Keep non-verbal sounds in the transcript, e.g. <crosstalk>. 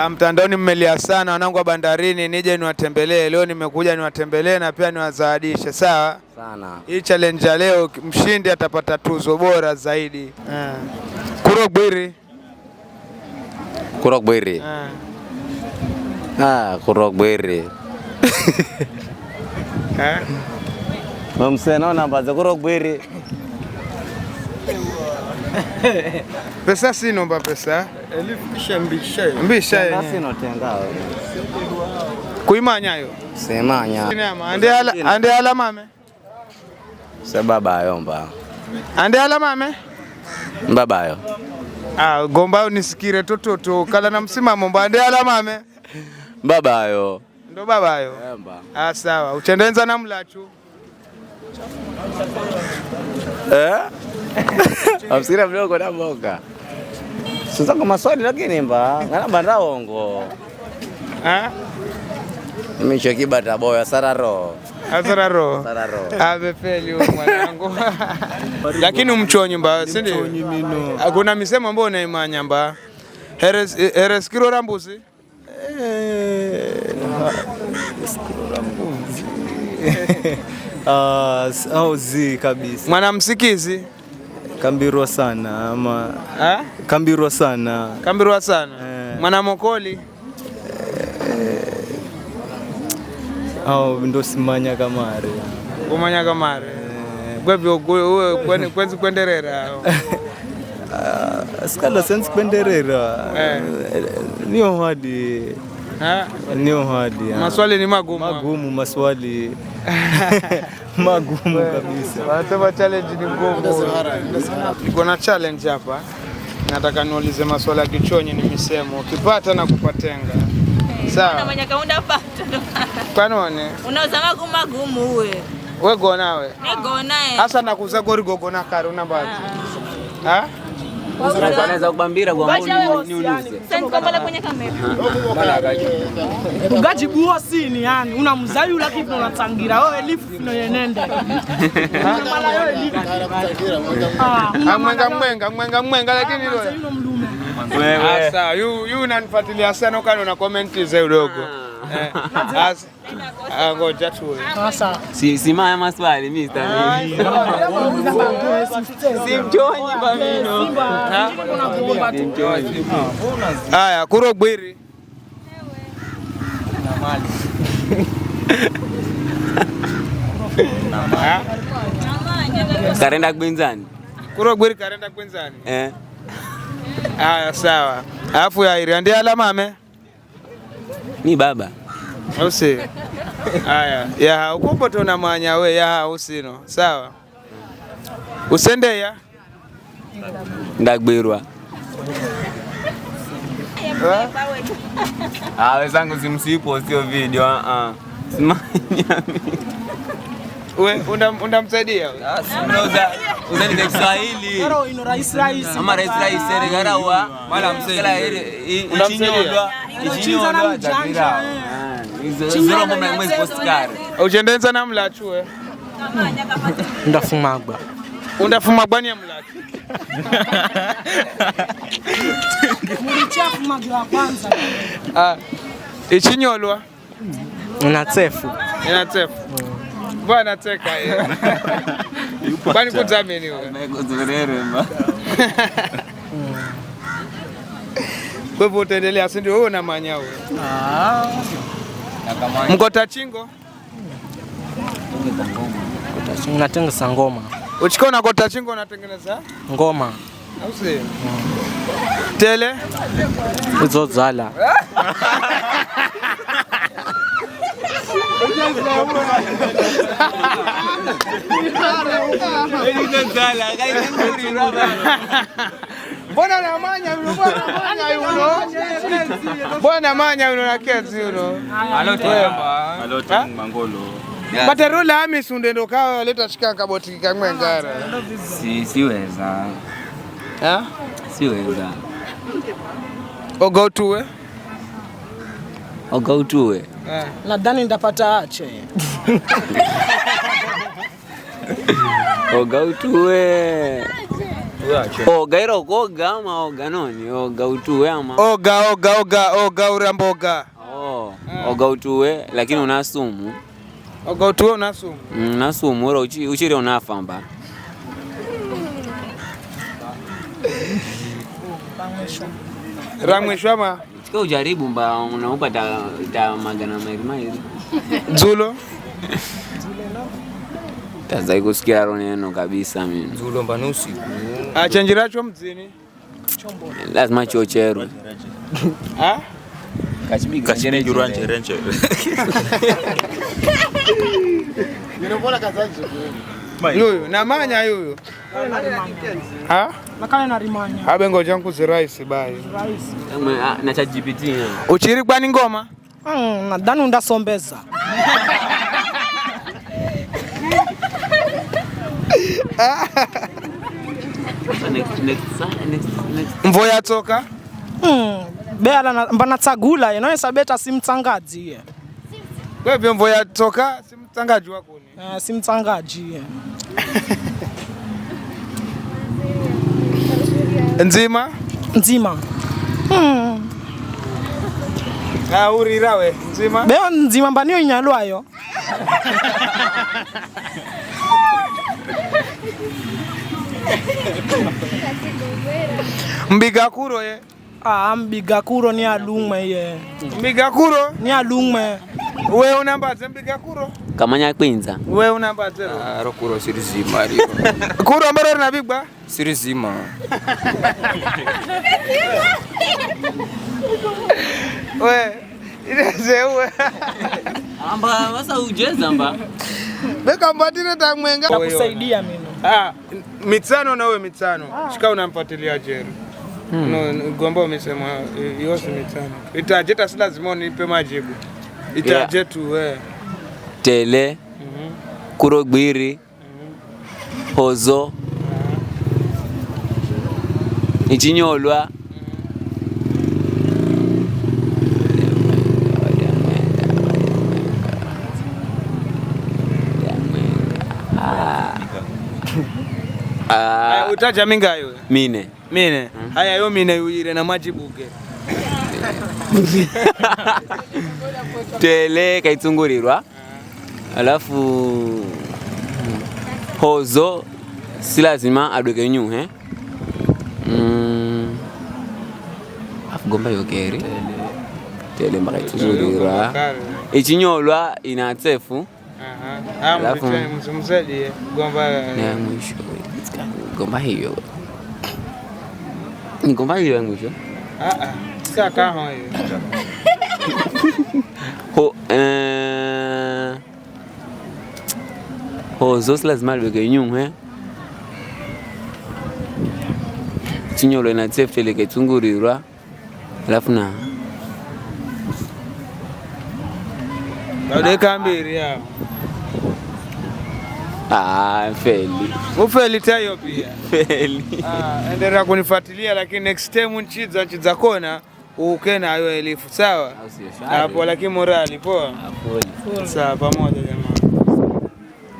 Ah, mtandaoni mmelia sana wanangu wa bandarini, nije niwatembelee leo. Nimekuja niwatembelee na pia niwazawadishe. Sawa sana. Hii challenge ya leo, mshindi atapata tuzo bora zaidi. Kurogwiri, kurogwiri, ah, kurogwiri mamsena namba za kurogwiri <laughs> pesa sinomba pesa mbisha kuimanyayo simanya ande ala mame sababa ayomba ande ala mame mbabayo ah, gombayo nisikire tototo kala na msimamo ande ala mame mbabayo ndo babayo eh, ah, sawa uchendenza na mlachu eh? <laughs> hamsini mdogo naboka kwa maswali lakini mba ngalamba ndawongo micho kibata boya sararo Azararo. Amefeli huyo mwanangu. <laughs> Lakini umchonyi mba, si ndio? Kuna misemo ambayo unaimanya mba. Heres heres kiro rambusi. Eh. <laughs> Ah, au zi kabisa. Mwanamsikizi. Kambirwa sana ama ha? Kambirwa sana. Kambirwa sana. Eh. Mwanamokoli. Eh. oh, ndo simanya kamare. Kumanya kamare. Eh. Gwebyo kwenzi kwen, kwenderera. Uh, <laughs> skala sense kwenderera. Eh. eh. Niyo hadi. Ha? Niyo hadi. Maswali ni magumu. Magumu maswali. <laughs> magumu kabisa. Wanasema challenge ni ngumu. Niko na challenge hapa, nataka niulize maswala ya kichonyi ni misemo, kipata na kupatenga eh, sawa. Kanone <laughs> we gonawe hasa nakuzagorigogona karuna ah. Ha? anaweza kubambira ugajibuosini yani unamzayula lakini unatsangira yo elifu fino yenende ah, ah, mwenga mwenga mwenga mwenga ah, lakini asa yu unanifuatilia sana ukani una komenti udogo Ngoja eh, tu si simaya maswali ah, <laughs> mimi stahili haya kurogwiri <laughs> karenda kwinzani kurogwiri karenda kwinzani haya eh. sawa alafu yairi andiala mame ni baba usi aya yaha tu na mwanya we yaha usino sawa usendeya ndagwirwa ah, wezangu simsipo sio video uh ah, -uh. Ah. simanyami unamsaidia uchendenza na mlachue ndafumagwa undafumagwa ni mlaki ah, ichinyolwa inatsefu inatsefu Mbona anacheka yeye? <laughs> Yupo. Bani kutamini wewe. <laughs> Kwa hivyo utaendelea, si ndio? Wewe na manya wewe. Ah. Mkota chingo. Mkota chingo natengeneza ngoma. Uchikao na kota chingo unatengeneza ngoma. Au si? Tele. Uzozala. <laughs> Mbona namanya uno mbona manya uno na kesi uno matarula amisi undendo kawa waleta shika kaboti kamwengara siweza siweza ogautuwe ogautuwe Eh, nadhani ndapata ache <laughs> oga utuwe oga irokoga ama oga noni oga utuwe ama oga oga oga oga uramboga oh, oga utuwe lakini unasumu oga utuwe unasumu sumu mm, na sumu uchiri unafamba Sika ujaribu mba unaupa ta, ta magana mairi Zulo. Tazai kusikia ro neno kabisa mimi. Zulo nusi. Acha ah, njiracho mzini. Lazima chochero. Ah? Kachimbi juranje renche. <laughs> Ninapola kazaji. Yuyu na manya yuyu abe ngoja yangu si bai na cha GPT uchiri kwani ngoma mm, nadhani undasombeza mvo yatoka mm, beala mbanatagula inaonesabeta simtsangadzi iye kwevyo mvo yatoka mtangaji wako ni? Ah, si mtangaji. <laughs> Nzima? Nzima. Mm. Ah, urirawe. Nzima? Beo nzima mbanio inyalwayo. <laughs> kuro ye. Ah, mbiga kuro ni alume ye. mbiga kuro Ni alume. We unambaze mbiga kuro kamanya kwinza we unambatse ah, ro kuro siri zima <laughs> kuro ambaro rinavigwa siri zima <laughs> we inezewe amba wasa ujeza mba ta mwenga. nakusaidia mimi ah mitano na wewe mitano ah. shika unampatilia jeri hmm. no, gomba umesema eh, mitano itajeta si lazima unipe majibu itaje tu eh. Tele mm -hmm. Kurogwiri mm -hmm. Hozo mm -hmm. Ichinyolwa utaja mingayo mine mine haya mm-hmm. yo mine uyire na majibuge <laughs> tele kaitsungurirwa alafu hozo si lazima adweke nyuhe mm. afugomba yokeri tele mbaka itsungurirwa ichinyolwa inatsefu tsefu gomba hiyo nigomba hiyo ya mwisho ah, ah. Sasa kama hiyo. <laughs> Ho eh Ho zos lazima lweke nyumwe. Eh? Tinyolo na tsefele ke tsungurirwa. Alafu na Adekambiri yao. Ah, feli. Ufeli tayo pia. <laughs> Feli. Ah, endelea kunifuatilia lakini next time nchiza nchiza kona ukena ayo elifu sawa hapo, lakini morali poa, ah, sawa pamoja.